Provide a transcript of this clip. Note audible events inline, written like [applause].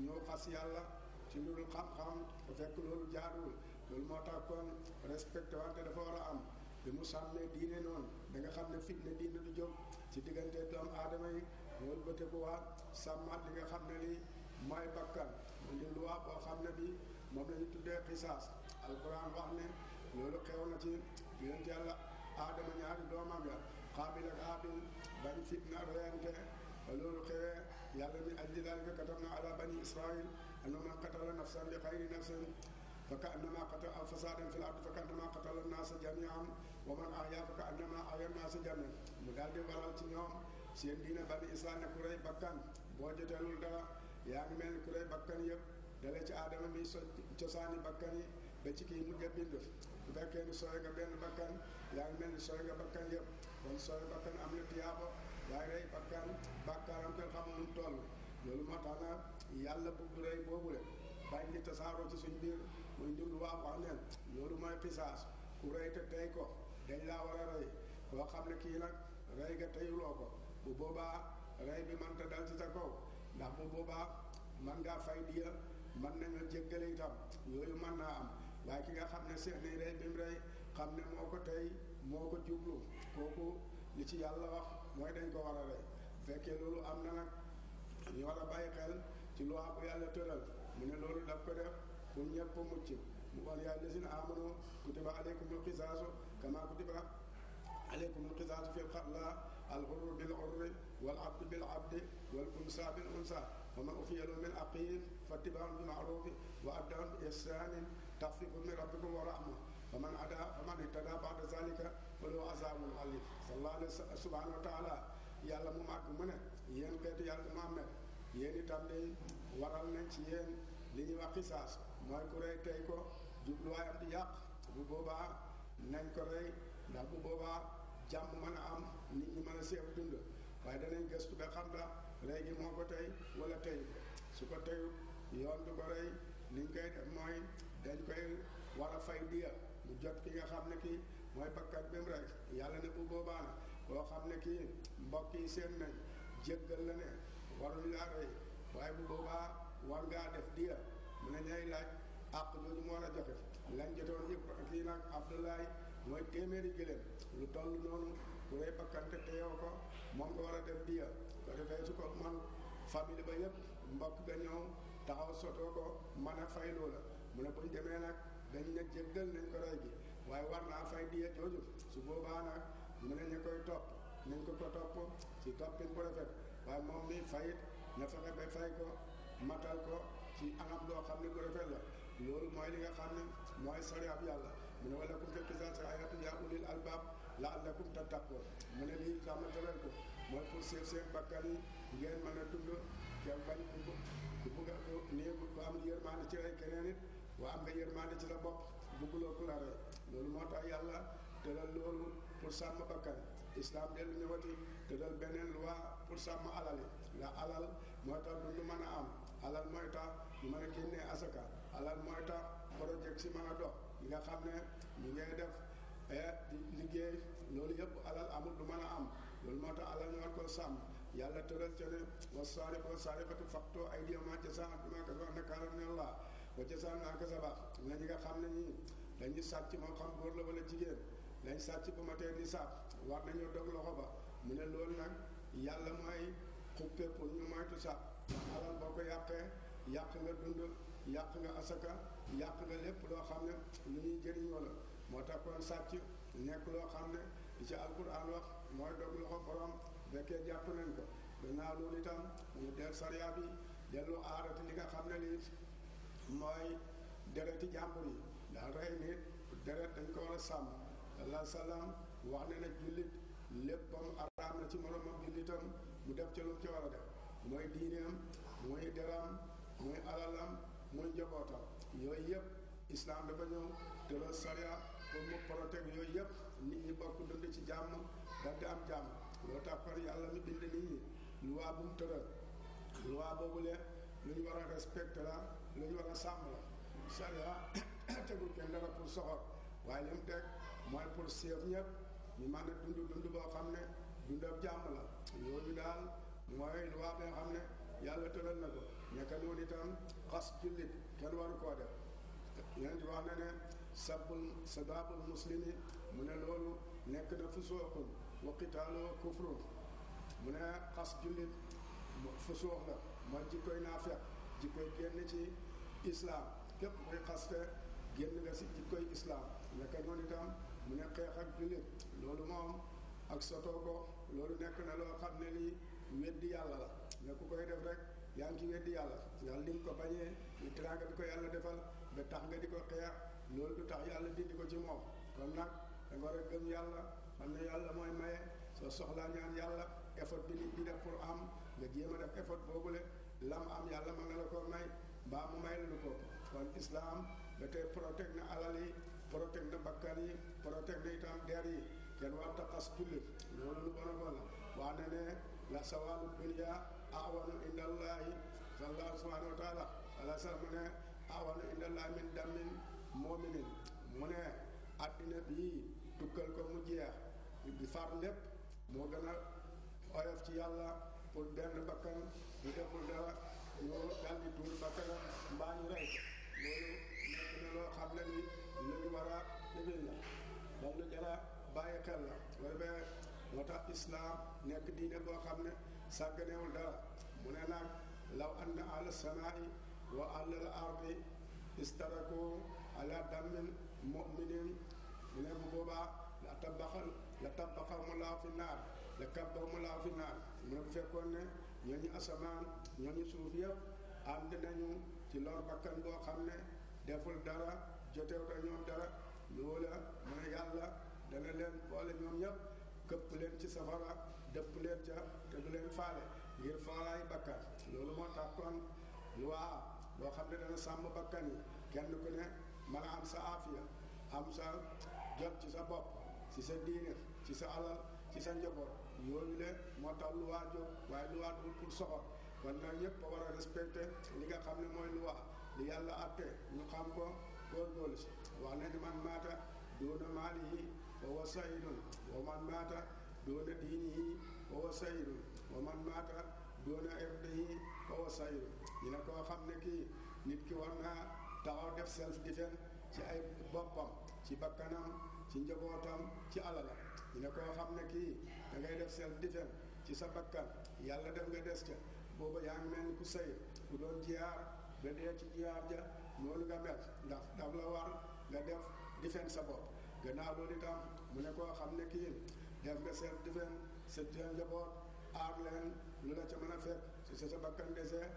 ñëw xas yàlla ci lu dul xam-xam te fekk loolu jaaduwul loolu moo tax kon respecté wante dafa war a am bi mu sàmmee diine noonu da nga xam ne fitna diine du jóg ci diggante doomu aadama yi loolu bëte nga xam ne lii mooy bakkan indi luwaa boo xam ne bi moom la ñu tuddee xisaas alquran wax ne loolu xew na ci yonent yàlla aadama ñaari doomam ya xaabil ak aabil bañ fitna reente loolu xewee yàlla ni ajli daalika katabna إسرائيل أن من قتل نفسا بغير نفس فكأنما قتل فسادا في الأرض فكأنما قتل di waral seen diine bani Israel ne ku rey bakkan boo joteelul dara yaa ngi mel ni ku rey bakkan yëpp dalee ci aadama mi so cosaani bakkan yi ba ci kii mujj a bind bu fekkee ni sooy nga benn bakkan yaa ngi mel ni sooy nga bakkan yëpp kon sooy bakkan am na moo tax na yàlla bu rëy boobule bañ di tasaaroo ci suñ biir muy dund waa wax neen loolu mooy xisaas ku rëy te tey ko dañ laa war a rëy koo xam ne kii nag rëy ga teyuloo ko bu boobaa rëy bi mënta dal ci sa kaw ndax bu boobaa man ngaa fay diya man nañu jéggale itam yooyu man naa am waaye ki nga xam ne seet ni rey bi mu rey xam ne moo ko tey moo ko jublu kooku li ci yàlla wax mooy dañ ko war a rey fekkee loolu am na nag ñu war a bàyyi xel ci loi bu yàlla tëral mu ne loolu daf ko def pour ñëpp mucc mu wal yaa lazina amanu kutiba alaykumul qisaasu kama kutiba عليكم القصاص في القتلى الغر بالغر والعبد بالعبد والانثى بالانثى ومن اوفي له من اقيل فاتباع بالمعروف واداء باحسان تخفيف من ربكم ورحمه فمن عدا فمن اهتدى بعد ذلك فله عذاب عليم صلى الله عليه سبحانه وتعالى يالا مو ماك من يين كيتو يالا محمد yéen itam de waral nañ ci yéen li ñuy wax xisaas mooy ku rey tey ko jubluwaayam di yàq bu boobaa nañ ko rey ndax bu boobaa jàmm man a am nit ñi mën a seef dund waaye danañ gëstu ba xam la rey gi moo tey wala teyu su ko teyu yoon du ko rey liñ koy def mooy dañ koy war a fay diya mu jot ki nga xam ne kii mooy bakkat bi mu rey yàlla ne bu boobaa na koo xam ne kii mbokk yi seen nañ jéggal la ne waruñu laa rey waaye bu boobaa war ngaa def diya mu ne ñay laaj àq jooju moo la joxe lañ jotoon ñëpp kii nag Abdoulaye mooy téeméeri gëléem lu toll noonu bu dee bakkante te yow ko moom nga war a def diya ko defee su ko man famille ba yëpp mbokk ga ñëw taxaw sotoo fay loola mu ne buñ demee nag dañ ne jéggal nañ ko rey gi waaye war naa fay diya jooju su boobaa nag mu ne ñu koy topp nañ ko ko topp ci toppin bu rafet waaye moom mi fayit nga fexe ba fay ko matal ko ci anam loo xam ne bu rafet la loolu mooy li nga xam ne mooy sariab yàlla mu ne wala kum fil qisaas ayatun yaa ulil albaab la'allakum tattaqoon mu ne lii xamatalal ko mooy pour seet seen bakkan ngeen mën a dund te bañ ku bugg a nii ku am yërmaande ci ay keneen it ci sa bopp bugguloo ku la rey loolu moo tax yàlla te la loolu pour sàmm bakkan islam dellu ñëwati tëral beneen loi pour sàmm alal yi ndax alal mooy tax lu ñu mën a am alal mooy tax ñu mën a génnee asaka alal mooy tax projet si mën a dox ñi nga xam ne ñu ngay def eh, di liggéey loolu yëpp alal amul du mën a am loolu moo tax alal ñu war koo sàmm yàlla tëral ca ne wa saariqu wa saariqatu faqtoo aydiyahumaa jazaa'an bimaa kasabaa nakaalan min Allah wa jazaa'an bimaa kasabaa ñi nga xam ne ñii dañuy sàcc moo xam góor la wala jigéen lañ sàcc ba ma tee di saab war nañoo dog loxo ba mu ne lool nag yàlla mooy xuppe pour ñu moytu saab ndax alal boo ko yàqee yàq nga dund yàq nga asaka yàq nga lépp loo xam ne lu ñuy jëriñoo la moo tax kon sàcc nekk loo xam ne li ci alquran wax mooy dog loxo borom fekkee jàpp nañ ko gannaaw loolu itam ñu del sariya bi dellu aarati li nga xam ne lii mooy dereti jàmbur yi ndax rey nit deret dañ ko war a sàmm sallallahu salaam wax ne nag jullit léppam araam na ci moromam jullitam mu def ca lu ca war a def mooy diineem mooy deram mooy alalam mooy njabootam yooyu yëpp islam dafa ñëw te loolu sariya mu protéger yooyu yëpp nit ñi bokk dund ci jàmm daf di am jàmm loo tax par yàlla mi bind nit ñi luwaa bu mu tëral luwaa boobu le lu ñu war a respecté la lu ñu war a sàmm la sariya [coughs] tegul kenn dara pour soxor waaye li mu teg mooy pour séef ñëpp ñu mën a dund dund boo xam ne dund ab jàmm la yooyu daal mooy luwaa bi xam ne yàlla tëral na ko nekka noonu itam xas jullit kenn waru koo def yeneen di wax na ne sabul sababul muslimi mu ne loolu nekk na fusuuqun wa qitaaloo mu ne xas jullit fusuux la mooy jikkoy naafeq jikkoy génn ci islaam képp kuy xaste génn nga si jikkoy islaam nekka noonu itam mu ne xeex ak jullit loolu moom ak sotoo ko loolu nekk na loo xam ne lii weddi yàlla la ne ku koy def rek yaa ngi ci weddi yàlla yàlla li nga ko bañee ñu teraanga bi ko yàlla defal ba tax nga di ko xeex loolu du tax yàlla dindi ko ci moom kon nag a gëm yàlla xam ne yàlla mooy maye soo soxlaa ñaan yàlla effort bi nit pour am nga jéem a def effort boobule lam am yàlla ma nga la ko may mbaa mu may la ko kon islam da tey protège na alal yi protège na bakkan yi protège na itam der yi kenn waa taqas kulli loolu lu bon a bon la waa ne la sawaalu dunya awanu indallaahi sallallahu taala ala sax mu ne awanu indallaahi min damin moominin mu ne addina bii tukkal ko mu jeex di faat lépp moo gën a oyof ci yàlla pour benn bakkan ñu deful dara ñu daal di tuur bakkanam mbaa ñu loolu nekk na loo xam ne lu ñu war a déglu la moom lu jar a bàyyi xel la way bee moo tax islaam nekk diine boo xam ne sàgganeewul dara mu ne nag law anna ahla samaai wa ahla al ardi istaraku ala damin muminin mu ne bu boobaa la tabaxal la tabaxamu laaw fi naar la kabbamu laaw fi naar mu fekkoon ne ñooñu asamaan ñooñu suuf yëpp ànd nañu ci lor bakkan boo xam ne deful dara jotew ko ñoom dara ñoo la mu ne yàlla dana leen boole ñoom ñëpp këpp leen ci safara dëpp leen ca te du leen faale ngir faalaay bakkan loolu moo tax kon luwaa xam ne dana sàmm bakkan yi kenn ku ne mën a am sa aafiya am sa jot ci sa bopp ci sa diine ci sa alal ci sa njaboot yooyu le moo tax luwaa jóg waaye luwaa dul pour soxor kon nag ñëpp a war a respecté li nga xam ne mooy luwaa li yàlla atte ñu xam ko góorgóorlu si wax na ni man maata doona maalihi wa huwa sahidun wa man maata doona diinihi wa wa man maata doona ñu ne koo xam ne kii nit ki war naa taxaw def self defense ci ay boppam ci bakkanam ci njabootam ci alala ñu ne koo xam ne kii da def self defense ci sa bakkan yàlla dem nga des ca booba yaa ngi mel ni ku sëy ku doon jiyaar ba dee ci jiyaar ja loolu nga mel ndax daf la war nga def difen sa bopp gannaaw loolu itam mu ne koo xam ne kii def nga seet difen sa njaboot aar leen lu la ca mën a fekk si sa bakkan desee